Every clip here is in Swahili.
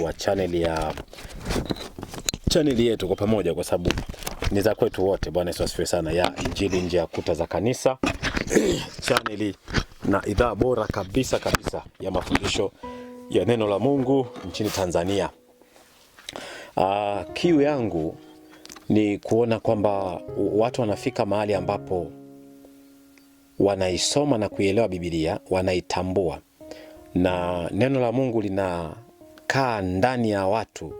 wa channel ya channel yetu kwa pamoja, kwa sababu ni za kwetu wote. Bwana Yesu asifiwe sana, ya injili nje ya kuta za kanisa channel na idhaa bora kabisa kabisa ya mafundisho ya neno la Mungu nchini Tanzania. Uh, kiu yangu ni kuona kwamba watu wanafika mahali ambapo wanaisoma na kuielewa Biblia, wanaitambua na neno la Mungu lina kaa ndani ya watu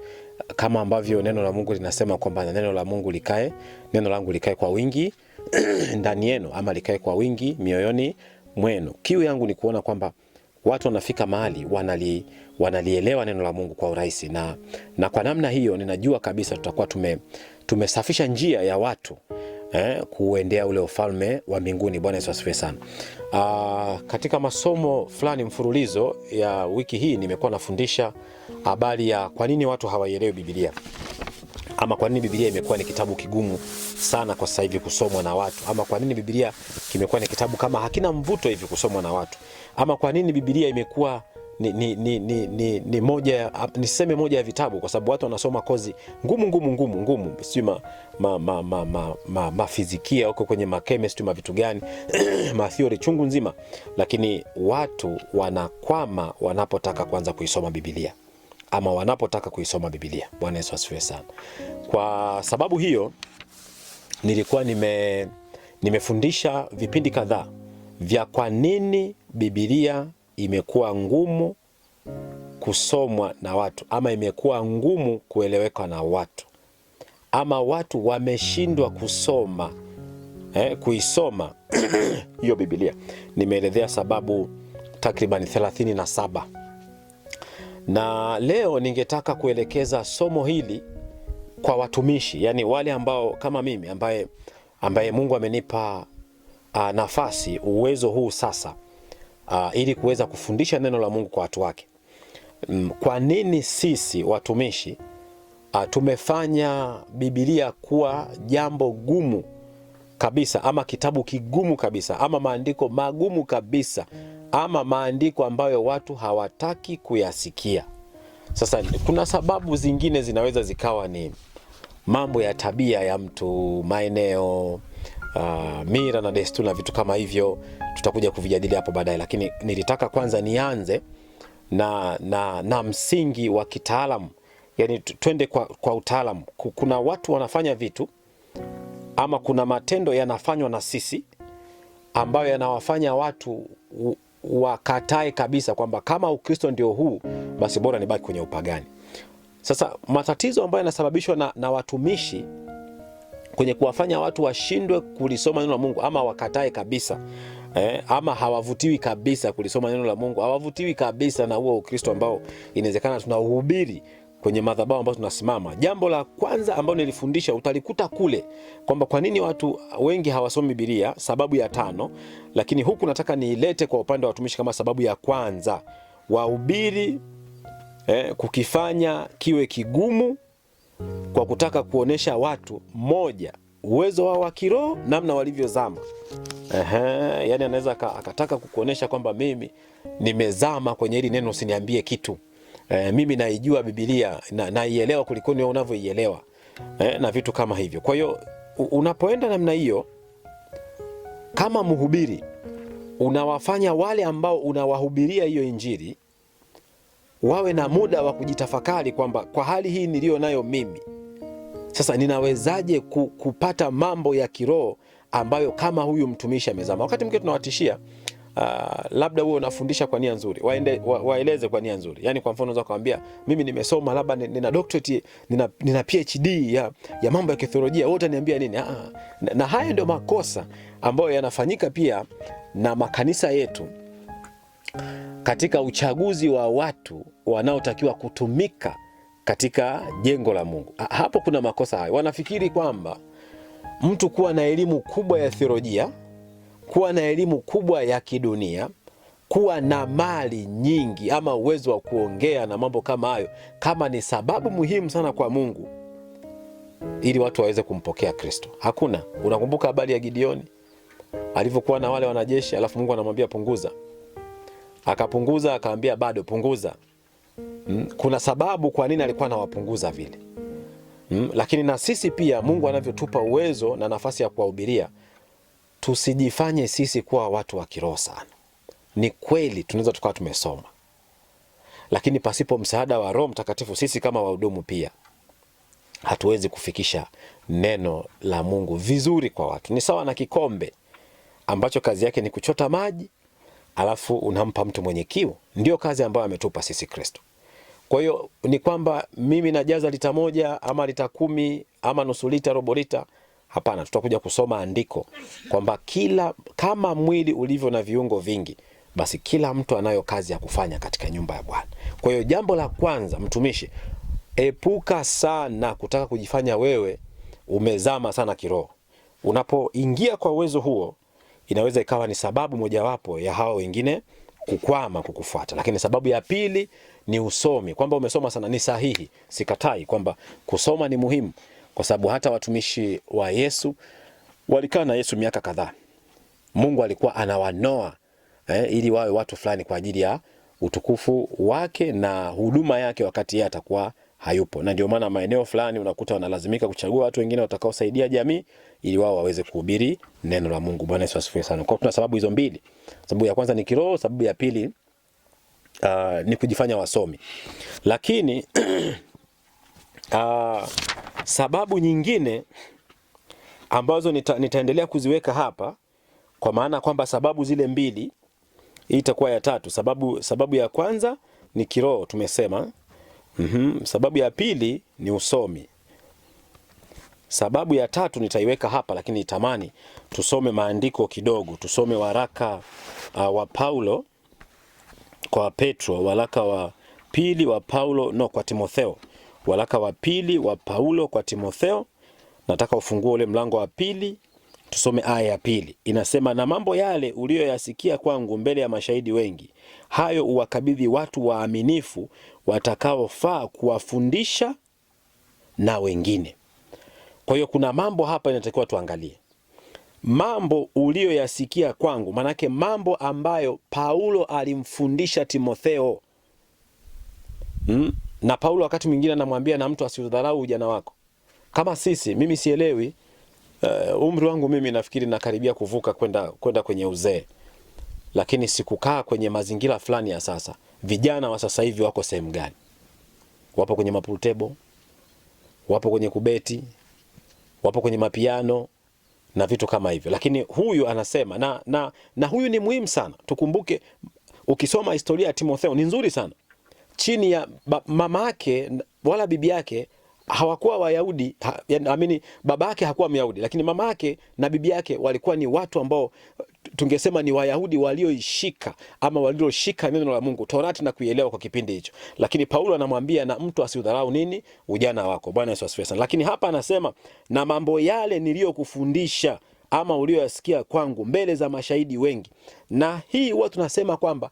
kama ambavyo neno la Mungu linasema kwamba neno la Mungu likae, neno langu likae kwa wingi ndani yenu, ama likae kwa wingi mioyoni mwenu. Kiu yangu ni kuona kwamba watu wanafika mahali wanali, wanalielewa neno la Mungu kwa urahisi na, na kwa namna hiyo ninajua kabisa tutakuwa tume, tumesafisha njia ya watu eh, kuendea ule ufalme wa mbinguni. Bwana Yesu asifiwe sana. Aa, ah, katika masomo fulani mfululizo ya wiki hii nimekuwa nafundisha habari ya kwa nini watu hawaielewi Biblia ama kwa nini Biblia imekuwa ni kitabu kigumu sana kwa sasa hivi kusomwa na watu, ama kwa nini Biblia kimekuwa ni kitabu kama hakina mvuto hivi kusomwa na watu, ama kwa nini Biblia imekuwa ni, ni, ni, ni, ni, ni moja niseme moja ya vitabu, kwa sababu watu wanasoma kozi ngumu ngumu ngumu ngumu, sijui ma, ma, ma, ma, ma, ma, ma fizikia huko kwenye ma chemistry ma vitu gani ma theory chungu nzima, lakini watu wanakwama wanapotaka kuanza kuisoma Biblia ama wanapotaka kuisoma Biblia. Bwana Yesu asifiwe sana. Kwa sababu hiyo nilikuwa nime nimefundisha vipindi kadhaa vya kwa nini Biblia imekuwa ngumu kusomwa na watu ama imekuwa ngumu kueleweka na watu ama watu wameshindwa kusoma eh, kuisoma hiyo Biblia. Nimeelezea sababu takribani 37 na leo ningetaka kuelekeza somo hili kwa watumishi, yani wale ambao kama mimi ambaye, ambaye Mungu amenipa uh, nafasi uwezo huu sasa uh, ili kuweza kufundisha neno la Mungu kwa watu wake. Mm, kwa nini sisi watumishi uh, tumefanya Biblia kuwa jambo gumu kabisa ama kitabu kigumu kabisa ama maandiko magumu kabisa ama maandiko ambayo watu hawataki kuyasikia? Sasa kuna sababu zingine zinaweza zikawa ni mambo ya tabia ya mtu, maeneo uh, mira na desturi na vitu kama hivyo tutakuja kuvijadili hapo baadaye, lakini nilitaka kwanza nianze na, na, na msingi wa kitaalamu yani, twende kwa, kwa utaalamu. Kuna watu wanafanya vitu ama kuna matendo yanafanywa na sisi ambayo yanawafanya watu wakatae kabisa kwamba kama Ukristo ndio huu basi bora nibaki kwenye upagani. Sasa matatizo ambayo yanasababishwa na, na watumishi kwenye kuwafanya watu washindwe kulisoma neno la Mungu ama wakatae kabisa eh, ama hawavutiwi kabisa kulisoma neno la Mungu, hawavutiwi kabisa na huo Ukristo ambao inawezekana tunauhubiri kwenye madhabahu ambayo tunasimama. Jambo la kwanza ambalo nilifundisha utalikuta kule kwamba kwa nini watu wengi hawasomi Biblia, sababu ya tano, lakini huku nataka niilete kwa upande wa watumishi kama sababu ya kwanza, wahubiri eh, kukifanya kiwe kigumu kwa kutaka kuonesha watu moja uwezo wao wa kiroho namna walivyozama. Ehe, yani anaweza akataka kukuonesha kwamba mimi nimezama kwenye hili neno, usiniambie kitu e, mimi naijua Biblia na, naielewa kuliko wewe unavyoielewa e, na vitu kama hivyo. Kwa hiyo unapoenda namna hiyo kama mhubiri unawafanya wale ambao unawahubiria hiyo Injili wawe na muda wa kujitafakari kwamba kwa hali hii niliyo nayo mimi sasa ninawezaje kupata mambo ya kiroho ambayo kama huyu mtumishi amezama. Wakati mwingine tunawatishia uh, labda wewe unafundisha kwa nia nzuri, waende wa, waeleze kwa nia nzuri. Yani kwa mfano unaweza kumwambia mimi nimesoma labda nina doctorate nina, nina PhD ya, ya mambo ya kithiolojia, wewe utaniambia nini? Ah, ah. na, na haya ndio makosa ambayo yanafanyika pia na makanisa yetu katika uchaguzi wa watu wanaotakiwa kutumika katika jengo la Mungu. Hapo kuna makosa hayo. Wanafikiri kwamba mtu kuwa na elimu kubwa ya theolojia, kuwa na elimu kubwa ya kidunia, kuwa na mali nyingi ama uwezo wa kuongea na mambo kama hayo, kama ni sababu muhimu sana kwa Mungu ili watu waweze kumpokea Kristo. Hakuna. Unakumbuka habari ya Gideoni alivyokuwa na wale wanajeshi, alafu Mungu anamwambia punguza akapunguza, akaambia bado punguza. Mm, kuna sababu kwa nini alikuwa anawapunguza vile. Mm, lakini na sisi pia Mungu anavyotupa uwezo na nafasi ya kuwahubiria, tusijifanye sisi kuwa watu wa kiroho sana. Ni kweli tunaweza tukawa tumesoma, lakini pasipo msaada wa Roho Mtakatifu sisi kama wahudumu pia hatuwezi kufikisha neno la Mungu vizuri kwa watu. Ni sawa na kikombe ambacho kazi yake ni kuchota maji alafu unampa mtu mwenye kiu, ndio kazi ambayo ametupa sisi Kristo. Kwa hiyo ni kwamba mimi najaza lita moja ama lita kumi ama nusu lita, robo lita Hapana, tutakuja kusoma andiko kwamba kila kama mwili ulivyo na viungo vingi, basi kila mtu anayo kazi ya kufanya katika nyumba ya Bwana. Kwa hiyo jambo la kwanza, mtumishi, epuka sana kutaka kujifanya wewe umezama sana kiroho. Unapoingia kwa uwezo huo, inaweza ikawa ni sababu mojawapo ya hawa wengine kukwama kukufuata. Lakini sababu ya pili ni usomi, kwamba umesoma sana. Ni sahihi, sikatai kwamba kusoma ni muhimu, kwa sababu hata watumishi wa Yesu walikaa na Yesu miaka kadhaa. Mungu alikuwa anawanoa eh, ili wawe watu fulani kwa ajili ya utukufu wake na huduma yake wakati yeye atakuwa hayupo, na ndio maana maeneo fulani unakuta wanalazimika kuchagua watu wengine watakaosaidia jamii ili wao waweze kuhubiri neno la Mungu. Bwana Yesu asifiwe sana. Kwa tuna sababu hizo mbili, sababu ya kwanza ni kiroho, sababu ya pili uh, ni kujifanya wasomi, lakini uh, sababu nyingine ambazo nita, nitaendelea kuziweka hapa kwa maana kwamba sababu zile mbili, hii itakuwa ya tatu. Sababu, sababu ya kwanza ni kiroho tumesema mm -hmm. Sababu ya pili ni usomi. Sababu ya tatu nitaiweka hapa, lakini nitamani tusome maandiko kidogo, tusome waraka uh, wa Paulo kwa Petro, waraka wa pili wa Paulo no, kwa Timotheo, waraka wa pili wa Paulo kwa Timotheo. Nataka ufungue ule mlango wa pili Tusome aya ya pili, inasema na mambo yale uliyoyasikia kwangu mbele ya mashahidi wengi, hayo uwakabidhi watu waaminifu watakaofaa kuwafundisha na wengine. Kwa hiyo kuna mambo hapa inatakiwa tuangalie, mambo uliyoyasikia kwangu, maanake mambo ambayo Paulo alimfundisha Timotheo mm. Na Paulo wakati mwingine anamwambia na mtu asiudharau ujana wako, kama sisi, mimi sielewi uh, umri wangu mimi nafikiri nakaribia kuvuka kwenda kwenda kwenye uzee, lakini sikukaa kwenye mazingira fulani ya sasa. Vijana wa sasa hivi wako sehemu gani? Wapo kwenye mapool table, wapo kwenye kubeti, wapo kwenye mapiano na vitu kama hivyo, lakini huyu anasema na, na, na huyu ni muhimu sana. Tukumbuke, ukisoma historia ya Timotheo ni nzuri sana, chini ya mama yake wala bibi yake hawakuwa Wayahudi ha, amini baba yake hakuwa Myahudi, lakini mama yake na bibi yake walikuwa ni watu ambao uh, tungesema ni Wayahudi walioishika ama walioshika neno la Mungu Torati na kuielewa kwa kipindi hicho. Lakini Paulo anamwambia na mtu asiudharau nini ujana wako. Bwana Yesu asifiwe sana. Lakini hapa anasema na mambo yale niliyokufundisha ama ulioyasikia kwangu mbele za mashahidi wengi. Na hii huwa tunasema kwamba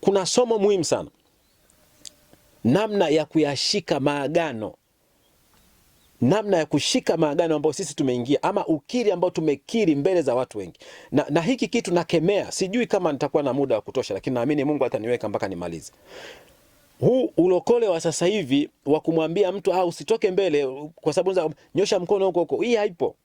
kuna somo muhimu sana namna ya kuyashika maagano, namna ya kushika maagano ambayo sisi tumeingia, ama ukiri ambao tumekiri mbele za watu wengi. Na, na hiki kitu nakemea, sijui kama nitakuwa na muda wa kutosha, lakini naamini Mungu ataniweka mpaka nimalize huu ulokole wa sasa hivi wa kumwambia mtu ah, usitoke mbele kwa sababu nyosha mkono huko huko, hii haipo.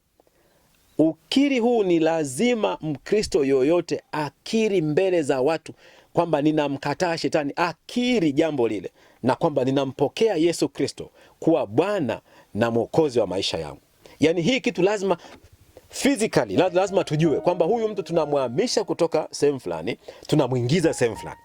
Ukiri huu ni lazima Mkristo yoyote akiri mbele za watu kwamba ninamkataa shetani, akiri jambo lile na kwamba ninampokea Yesu Kristo kuwa Bwana na Mwokozi wa maisha yangu. Yaani hii kitu lazima physically lazima tujue kwamba huyu mtu tunamhamisha kutoka sehemu fulani, tunamwingiza sehemu fulani.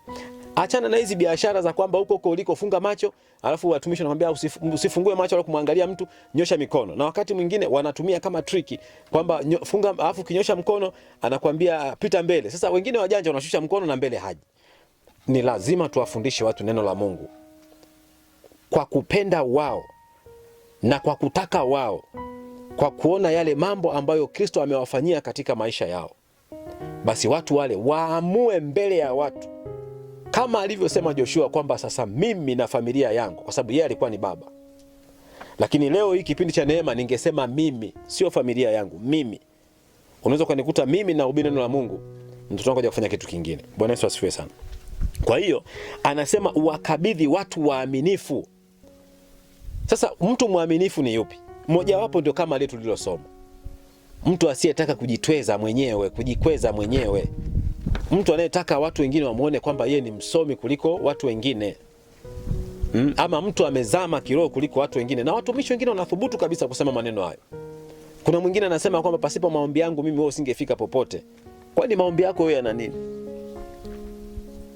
Achana na hizi biashara za kwamba huko huko uliko funga macho, alafu watumishi wanakuambia usifungue macho wala kumwangalia mtu, nyosha mikono. Na wakati mwingine wanatumia kama triki kwamba funga, alafu kinyosha mkono anakuambia pita mbele. Sasa wengine wajanja wanashusha mkono na mbele haji. Ni lazima tuwafundishe watu neno la Mungu kwa kupenda wao na kwa kutaka wao, kwa kuona yale mambo ambayo Kristo amewafanyia katika maisha yao, basi watu wale waamue mbele ya watu kama alivyosema Joshua kwamba sasa mimi na familia yangu, kwa sababu yeye alikuwa ni baba. Lakini leo hii kipindi cha neema ningesema mimi, sio familia yangu, mimi. Unaweza ukanikuta mimi na hubiri neno la Mungu, mtoto wangu kufanya kitu kingine. Bwana Yesu asifiwe sana. Kwa hiyo anasema uwakabidhi watu waaminifu sasa mtu mwaminifu ni yupi? Mmojawapo ndio kama lile tulilosoma, mtu asiyetaka kujitweza mwenyewe, kujikweza mwenyewe, mtu anayetaka watu wengine wamwone kwamba yeye ni msomi kuliko watu wengine mm, ama mtu amezama kiroho kuliko watu wengine. Na watumishi wengine wanathubutu kabisa kusema maneno hayo. Kuna mwingine anasema kwamba pasipo maombi yangu mimi wewe usingefika popote. Kwani maombi yako wewe yana nini?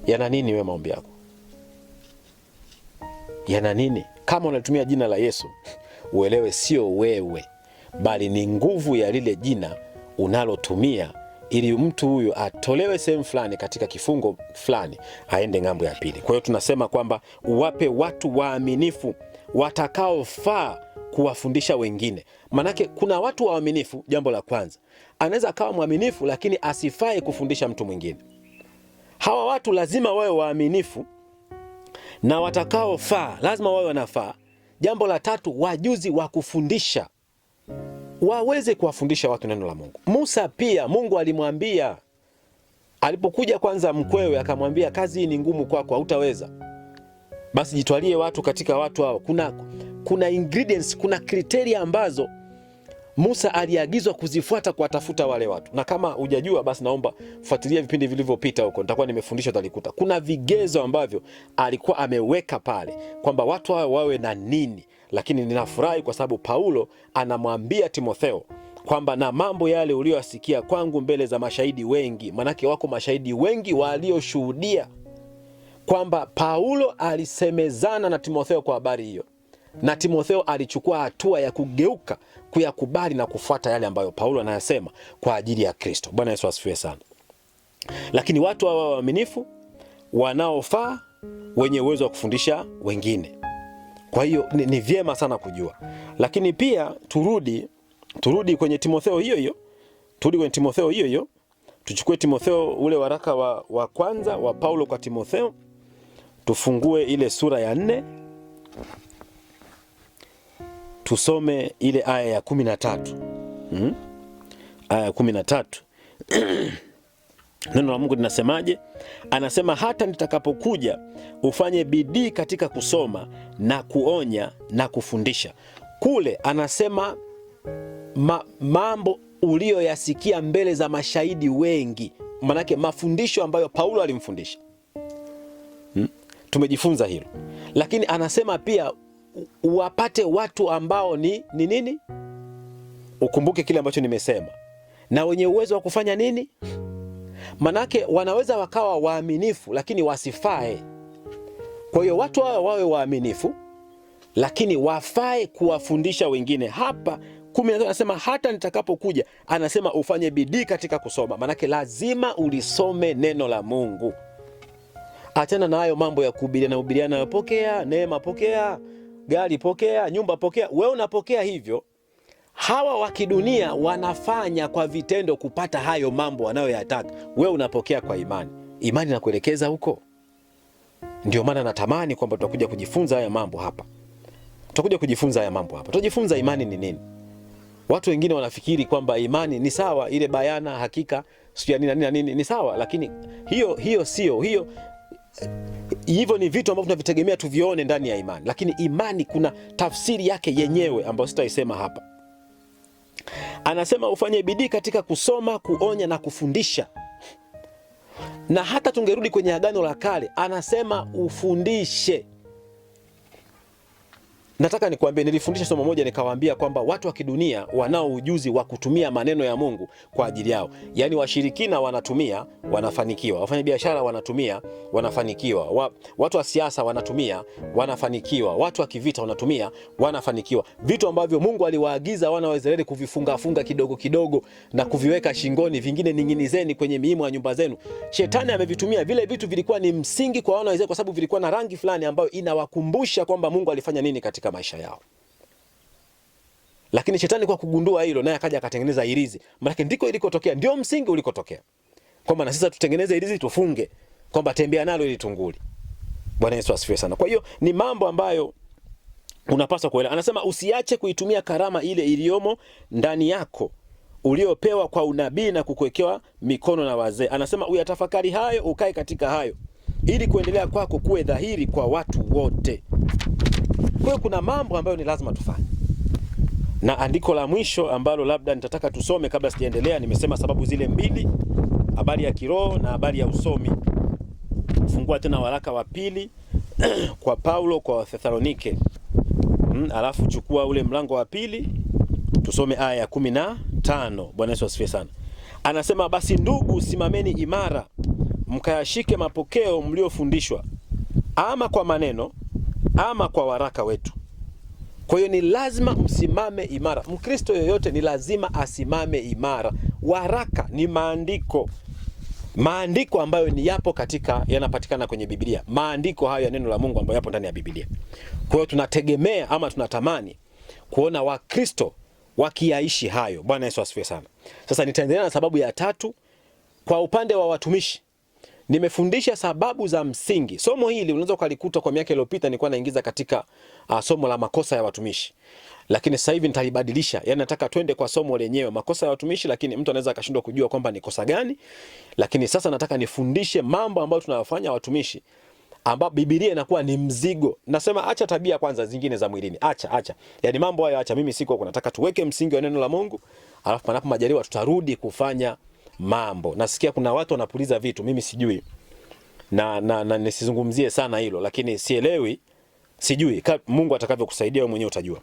Yana nini wewe maombi yako? Yana nini? Kama unatumia jina la Yesu, uelewe sio wewe, bali ni nguvu ya lile jina unalotumia ili mtu huyo atolewe sehemu fulani katika kifungo fulani aende ng'ambo ya pili. Kwa hiyo tunasema kwamba uwape watu waaminifu watakaofaa kuwafundisha wengine. Maanake kuna watu waaminifu, jambo la kwanza, anaweza akawa mwaminifu lakini asifai kufundisha mtu mwingine. Hawa watu lazima wawe waaminifu na watakaofaa lazima wawe wanafaa. Jambo la tatu, wajuzi wa kufundisha waweze kuwafundisha watu neno la Mungu. Musa pia Mungu alimwambia alipokuja kwanza mkwewe, akamwambia kazi hii ni ngumu kwako, hautaweza. Basi jitwalie watu katika watu hao. Kuna kuna ingredients, kuna kriteria ambazo Musa aliagizwa kuzifuata kuwatafuta wale watu, na kama hujajua basi naomba fuatilia vipindi vilivyopita huko, nitakuwa nimefundisha, utalikuta kuna vigezo ambavyo alikuwa ameweka pale kwamba watu hao wawe na nini. Lakini ninafurahi kwa sababu Paulo anamwambia Timotheo kwamba na mambo yale uliyoyasikia kwangu mbele za mashahidi wengi, manake wako mashahidi wengi walioshuhudia kwamba Paulo alisemezana na Timotheo kwa habari hiyo na Timotheo alichukua hatua ya kugeuka kuyakubali na kufuata yale ambayo Paulo anayasema kwa ajili ya Kristo. Bwana Yesu asifiwe sana. Lakini watu hawa waaminifu, wanaofaa, wenye uwezo wa kufundisha wengine. Kwa hiyo ni, ni vyema sana kujua, lakini pia turudi turudi kwenye Timotheo hiyo hiyo, turudi kwenye Timotheo hiyo hiyo, tuchukue Timotheo ule waraka wa, wa kwanza wa Paulo kwa Timotheo, tufungue ile sura ya nne tusome ile aya ya kumi na tatu hmm? aya ya kumi na tatu neno la Mungu linasemaje? Anasema, hata nitakapokuja ufanye bidii katika kusoma na kuonya na kufundisha. Kule anasema ma, mambo uliyoyasikia mbele za mashahidi wengi, manake mafundisho ambayo Paulo alimfundisha hmm? Tumejifunza hilo, lakini anasema pia wapate watu ambao ni ni nini? Ukumbuke kile ambacho nimesema, na wenye uwezo wa kufanya nini? Manake wanaweza wakawa waaminifu lakini wasifae. Kwa hiyo watu hao wawe waaminifu lakini wafae kuwafundisha wengine. Hapa kumi anasema hata nitakapokuja, anasema ufanye bidii katika kusoma, manake lazima ulisome neno la Mungu. Achana na hayo mambo ya na hubiriana, pokea neema, pokea gari pokea, nyumba pokea, we unapokea hivyo. Hawa wa kidunia wanafanya kwa vitendo kupata hayo mambo wanayoyataka, we unapokea kwa imani. Imani inakuelekeza huko. Ndio maana natamani kwamba tutakuja kujifunza haya mambo hapa, tutakuja kujifunza haya mambo hapa, tutajifunza imani ni nini. Watu wengine wanafikiri kwamba imani ni sawa ile bayana, hakika, sio nini na nini, ni sawa, lakini hiyo hiyo sio hiyo hivyo ni vitu ambavyo tunavitegemea tuvione ndani ya imani, lakini imani kuna tafsiri yake yenyewe ambayo sitaisema hapa. Anasema ufanye bidii katika kusoma, kuonya na kufundisha. Na hata tungerudi kwenye Agano la Kale, anasema ufundishe. Nataka nikuambie, nilifundisha somo moja nikawaambia kwamba watu wa kidunia wanao ujuzi wa kutumia maneno ya Mungu kwa ajili yao. Yaani washirikina wanatumia, wanafanikiwa. Wafanyabiashara wanatumia, wanafanikiwa. Wa, watu wa siasa wanatumia, wanafanikiwa. Watu wa kivita wanatumia, wanafanikiwa. Vitu ambavyo Mungu aliwaagiza wana wa Israeli kuvifunga funga kidogo kidogo na kuviweka shingoni, vingine ning'inizeni kwenye miimo ya nyumba zenu. Shetani amevitumia vile vitu, vilikuwa ni msingi kwa wana wa Israeli kwa sababu vilikuwa na rangi fulani ambayo inawakumbusha kwamba Mungu alifanya nini katika maisha yao. Lakini shetani kwa kugundua hilo, naye akaja akatengeneza ilizi, maanake ndiko ilikotokea, ndio msingi ulikotokea, kwamba na sisi tutengeneze ilizi tufunge, kwamba tembea nalo ili tunguli. Bwana Yesu asifiwe sana. Kwa hiyo ni mambo ambayo unapaswa kuelewa. Anasema usiache kuitumia karama ile iliyomo ndani yako uliopewa kwa unabii na kukuwekewa mikono na wazee. Anasema uyatafakari hayo, ukae katika hayo, ili kuendelea kwako kuwe dhahiri kwa watu wote. Kwa hiyo kuna mambo ambayo ni lazima tufanye, na andiko la mwisho ambalo labda nitataka tusome kabla sijaendelea, nimesema sababu zile mbili, habari ya kiroho na habari ya usomi. Fungua tena waraka wa pili kwa Paulo kwa Wathesalonike, mm, alafu chukua ule mlango wa pili tusome aya ya kumi na tano. Bwana Yesu asifiwe sana. Anasema, basi ndugu, simameni imara, mkayashike mapokeo mliofundishwa, ama kwa maneno ama kwa waraka wetu. Kwa hiyo ni lazima msimame imara. Mkristo yoyote ni lazima asimame imara. Waraka ni maandiko, maandiko ambayo ni yapo katika yanapatikana kwenye Biblia, maandiko hayo ya neno la Mungu ambayo yapo ndani ya Biblia. Kwa hiyo tunategemea ama tunatamani kuona Wakristo wakiyaishi hayo. Bwana Yesu asifiwe sana. Sasa nitaendelea na sababu ya tatu kwa upande wa watumishi. Nimefundisha sababu za msingi. Somo hili unaweza ukalikuta kwa miaka iliyopita nilikuwa naingiza katika uh, somo la makosa ya watumishi, lakini sasa hivi nitalibadilisha. Yani nataka twende kwa somo lenyewe, makosa ya watumishi, lakini mtu anaweza akashindwa kujua kwamba ni kosa gani. Lakini sasa nataka nifundishe mambo ambayo tunayofanya watumishi, ambapo Biblia inakuwa ni mzigo. Nasema acha tabia kwanza zingine za mwilini, acha acha, yani mambo hayo acha. Mimi siko, huko, nataka tuweke msingi wa neno la Mungu, alafu panapo majaliwa tutarudi kufanya mambo. Nasikia kuna watu wanapuliza vitu, mimi sijui na, na, na nisizungumzie sana hilo, lakini sielewi, sijui. Mungu atakavyokusaidia wewe mwenyewe utajua.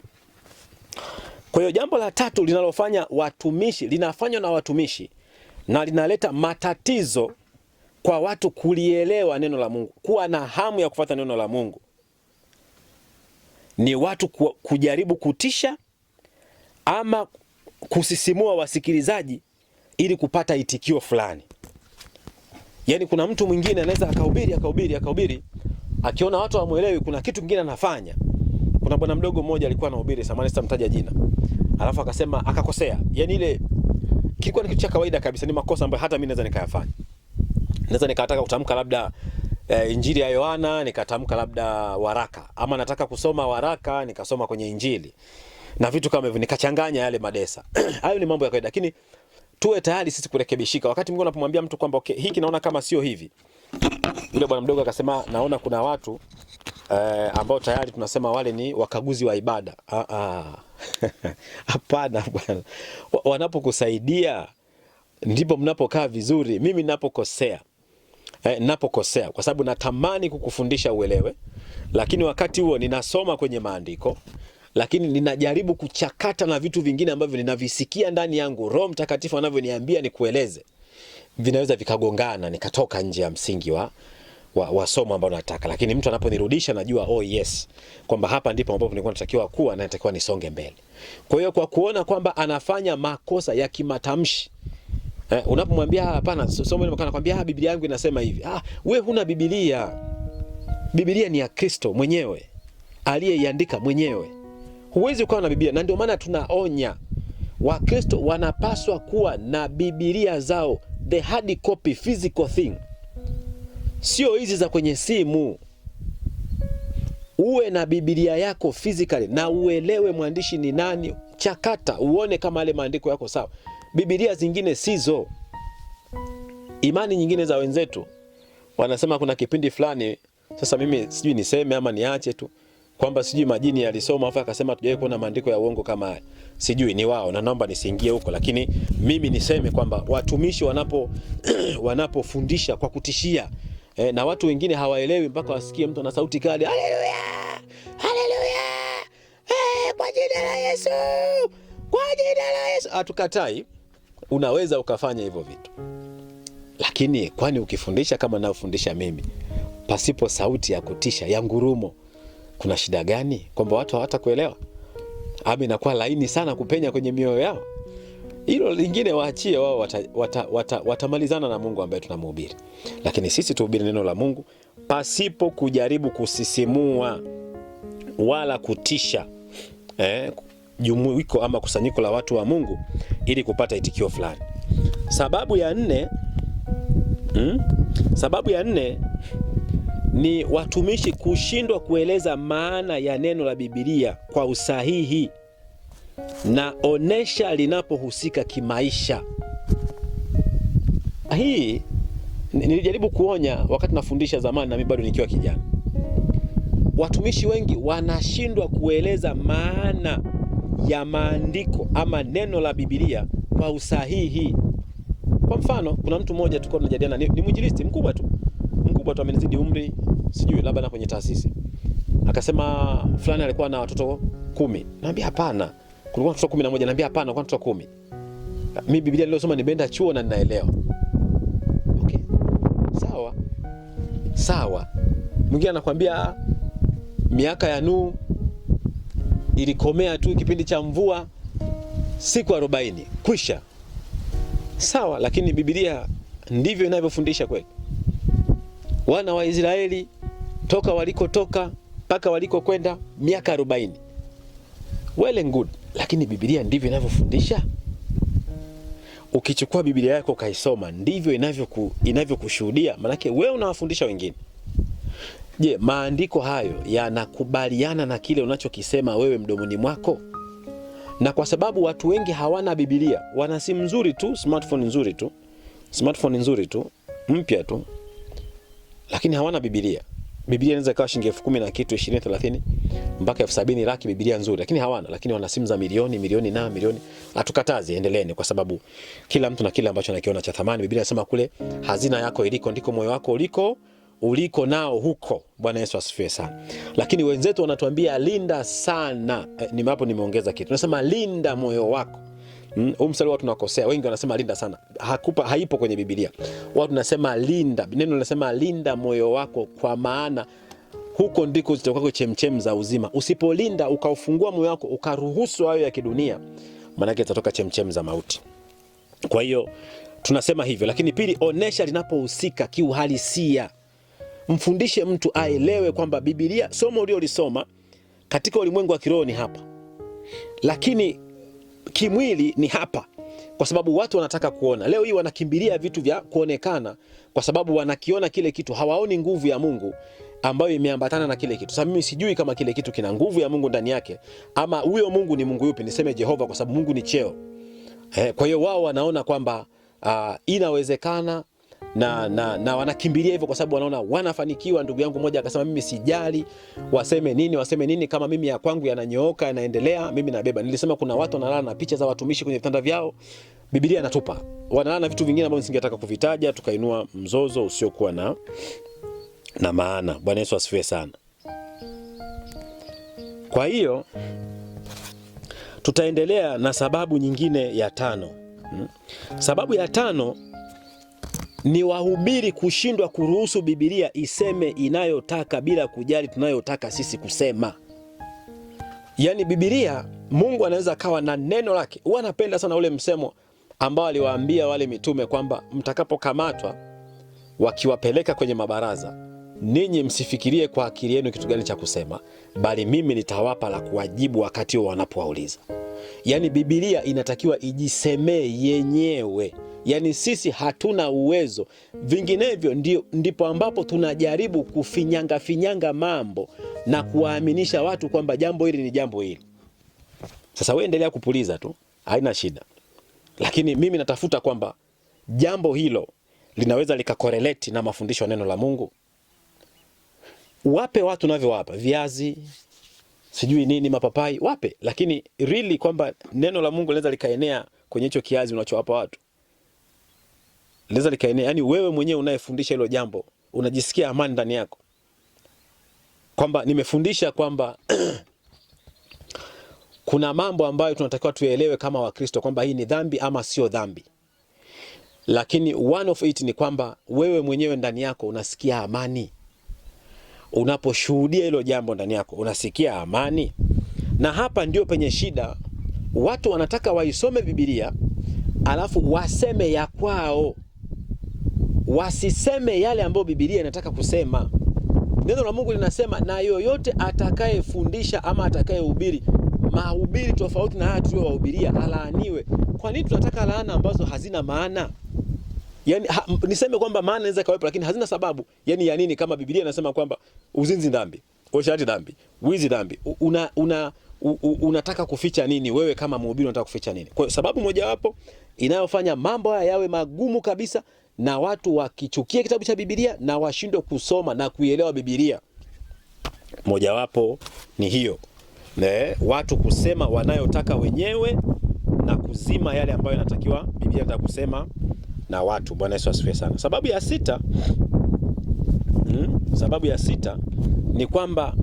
Kwa hiyo jambo la tatu linalofanya watumishi, linafanywa na watumishi na linaleta matatizo kwa watu kulielewa neno la Mungu, kuwa na hamu ya kufuata neno la Mungu, ni watu kujaribu kutisha ama kusisimua wasikilizaji ili kupata itikio fulani. Yaani kuna mtu mwingine anaweza akahubiri akahubiri akahubiri, akiona watu hawamuelewi, kuna kitu kingine anafanya. Kuna bwana mdogo mmoja alikuwa anahubiri, samahani sitamtaja jina, alafu akasema akakosea. Yaani ile kilikuwa ni kitu cha kawaida kabisa, ni makosa ambayo hata mimi naweza nikayafanya. Naweza nikataka kutamka labda e, Injili ya Yohana nikatamka labda waraka, ama nataka kusoma waraka nikasoma kwenye Injili na vitu kama hivyo, nikachanganya yale madesa. Hayo ni mambo ya kawaida, lakini tuwe tayari sisi kurekebishika. Wakati mwingine unapomwambia mtu kwamba okay, hiki naona kama sio hivi, yule bwana mdogo akasema naona kuna watu eh, ambao tayari tunasema wale ni wakaguzi wa ibada. Ah, ah. Hapana bwana, wanapokusaidia ndipo mnapokaa vizuri. Mimi ninapokosea eh, ninapokosea kwa sababu natamani kukufundisha uelewe, lakini wakati huo ninasoma kwenye maandiko lakini ninajaribu kuchakata na vitu vingine ambavyo ninavisikia ndani yangu, Roho Mtakatifu anavyoniambia nikueleze, vinaweza vikagongana, nikatoka nje ya msingi wa wa, wa somo ambalo nataka, lakini mtu anaponirudisha najua oh yes, kwamba hapa ndipo ambapo nilikuwa natakiwa kuwa na natakiwa nisonge mbele. Kwa hiyo kwa kuona kwamba anafanya makosa ya kimatamshi eh, unapomwambia ah, hapana, somo hili nakwambia, ah, Biblia yangu inasema hivi. Ah, wewe huna Biblia. Biblia ni ya Kristo mwenyewe aliyeiandika mwenyewe. Huwezi ukawa na Biblia, na ndio maana tunaonya Wakristo wanapaswa kuwa na Biblia zao, the hard copy, physical thing, sio hizi za kwenye simu. Uwe na Biblia yako physically na uelewe mwandishi ni nani, chakata uone kama ale maandiko yako sawa. Biblia zingine sizo. Imani nyingine za wenzetu wanasema kuna kipindi fulani, sasa mimi sijui niseme ama niache tu kwamba sijui majini yalisoma afa akasema tujawahi kuona maandiko ya uongo kama haya, sijui ni wao, na naomba nisiingie huko, lakini mimi niseme kwamba watumishi wanapo wanapofundisha kwa kutishia eh, na watu wengine hawaelewi mpaka wasikie mtu ana sauti kali, haleluya haleluya, eh, kwa jina la Yesu, kwa jina la Yesu. Hatukatai, unaweza ukafanya hivyo vitu, lakini kwani ukifundisha kama naofundisha mimi pasipo sauti ya kutisha ya ngurumo kuna shida gani kwamba watu hawatakuelewa ama inakuwa laini sana kupenya kwenye mioyo yao? Hilo lingine waachie wao, watamalizana wata, wata, wata na Mungu ambaye tunamhubiri, lakini sisi tuhubiri neno la Mungu pasipo kujaribu kusisimua wala kutisha eh, jumuiko ama kusanyiko la watu wa Mungu ili kupata itikio fulani. Sababu ya nne, hmm? Sababu ya nne ni watumishi kushindwa kueleza maana ya neno la Biblia kwa usahihi na onesha linapohusika kimaisha. Hii nilijaribu kuonya wakati nafundisha zamani, mimi bado nikiwa kijana. Watumishi wengi wanashindwa kueleza maana ya maandiko ama neno la Biblia kwa usahihi. Kwa mfano, kuna mtu mmoja tulikuwa tunajadiliana, ni mwinjilisti mkubwa tu wakubwa tu amenizidi umri, sijui labda na kwenye taasisi. Akasema fulani alikuwa na watoto kumi. Naambia hapana, kulikuwa watoto kumi na moja. Naambia hapana, kulikuwa watoto kumi. Mimi Biblia niliyosoma nimeenda chuo na ninaelewa. Okay, sawa sawa. Mwingine anakuambia miaka ya Nuhu ilikomea tu kipindi cha mvua siku arobaini kwisha. Sawa, lakini Biblia ndivyo inavyofundisha kweli wana wa Israeli toka walikotoka mpaka walikokwenda miaka arobaini. Well and good, lakini Biblia ndivyo inavyofundisha. Ukichukua Biblia yako ukaisoma, ndivyo inavyoku, inavyokushuhudia, maanake wewe unawafundisha wengine. Je, maandiko hayo yanakubaliana na kile unachokisema wewe mdomoni mwako? Na kwa sababu watu wengi hawana Biblia, wana simu nzuri tu, smartphone nzuri tu, smartphone nzuri tu mpya tu lakini hawana Biblia. Biblia inaweza ikawa shilingi elfu kumi na kitu, ishirini, thelathini mpaka elfu sabini laki, Biblia nzuri, lakini hawana. Lakini wana simu za milioni milioni na milioni. Hatukatazi, endeleeni, kwa sababu kila mtu na kile ambacho anakiona cha thamani. Biblia inasema kule, hazina yako iliko ndiko moyo wako uliko uliko nao huko. Bwana Yesu asifiwe sana. Lakini wenzetu wanatuambia linda sana. E, nimeongeza kitu, nasema linda moyo wako Mm, huu mstari watu nakosea, wengi wanasema linda sana. Hakupa, haipo kwenye Biblia. Watu nasema linda, neno linasema linda moyo wako, kwa maana huko ndiko zitokako chemchem za uzima. Usipolinda ukaufungua moyo wako ukaruhusu hayo ya kidunia, maanake zitatoka chemchem za mauti. Kwa hiyo tunasema hivyo, lakini pili, onesha linapohusika kiuhalisia. Mfundishe mtu aelewe kwamba Biblia, somo uliolisoma katika ulimwengu wa kiroho ni hapa, lakini kimwili ni hapa, kwa sababu watu wanataka kuona. Leo hii wanakimbilia vitu vya kuonekana, kwa sababu wanakiona kile kitu, hawaoni nguvu ya Mungu ambayo imeambatana na kile kitu. Sasa mimi sijui kama kile kitu kina nguvu ya Mungu ndani yake, ama huyo Mungu ni Mungu yupi? Niseme Jehova, kwa sababu Mungu ni cheo. Eh, kwa hiyo wao wanaona kwamba uh, inawezekana na, na, na wanakimbilia hivyo kwa sababu wanaona wanafanikiwa. Ndugu yangu mmoja akasema mimi sijali waseme nini waseme nini, kama mimi ya kwangu yananyooka yanaendelea, mimi nabeba. Nilisema kuna watu wanalala na picha za watumishi kwenye vitanda vyao, Biblia inatupa wanalala na vitu vingine ambavyo nisingetaka kuvitaja, tukainua mzozo usiokuwa na, na maana. Bwana Yesu asifiwe sana. Kwa hiyo tutaendelea na sababu nyingine ya tano hmm. Sababu ya tano ni wahubiri kushindwa kuruhusu Biblia iseme inayotaka bila kujali tunayotaka sisi kusema. Yaani Biblia, Mungu anaweza akawa na neno lake. Huwa anapenda sana ule msemo ambao aliwaambia wale mitume kwamba mtakapokamatwa, wakiwapeleka kwenye mabaraza, ninyi msifikirie kwa akili yenu kitu gani cha kusema, bali mimi nitawapa la kuwajibu wakati wanapowauliza. Yaani Biblia inatakiwa ijisemee yenyewe yaani sisi hatuna uwezo. Vinginevyo ndio, ndipo ambapo tunajaribu kufinyanga finyanga mambo na kuwaaminisha watu kwamba jambo hili ni jambo hili. Sasa wewe endelea kupuliza tu, haina shida, lakini mimi natafuta kwamba jambo hilo linaweza likakoreleti na mafundisho ya neno la Mungu. Wape watu navyowapa viazi sijui nini mapapai, wape, lakini really kwamba neno la Mungu linaweza likaenea kwenye hicho kiazi unachowapa watu linaweza likaenea. Yani wewe mwenyewe unayefundisha hilo jambo unajisikia amani ndani yako kwamba nimefundisha kwamba kuna mambo ambayo tunatakiwa tuyaelewe kama Wakristo kwamba hii ni dhambi ama sio dhambi, lakini one of it ni kwamba wewe mwenyewe ndani yako unasikia amani unaposhuhudia hilo jambo ndani yako unasikia amani. Na hapa ndio penye shida, watu wanataka waisome Biblia alafu waseme ya kwao wasiseme yale ambayo Biblia inataka kusema. Neno la Mungu linasema, na yoyote atakayefundisha ama atakayehubiri mahubiri tofauti na haya tuliyowahubiria alaaniwe. Kwa nini tunataka laana ambazo hazina maana? Yaani ha, niseme kwamba maana inaweza kawepo lakini hazina sababu. Yaani ya nini kama Biblia inasema kwamba uzinzi dhambi, uasherati dhambi, wizi dhambi. Una, una, u, u, unataka kuficha nini wewe kama mhubiri unataka kuficha nini? Kwa sababu mojawapo inayofanya mambo haya yawe magumu kabisa na watu wakichukia kitabu cha Biblia na washindwe kusoma na kuielewa Biblia. Mojawapo ni hiyo ne, watu kusema wanayotaka wenyewe na kuzima yale ambayo yanatakiwa Biblia inataka kusema na watu. Bwana Yesu asifiwe sana. Sababu ya sita, mm, sababu ya sita ni kwamba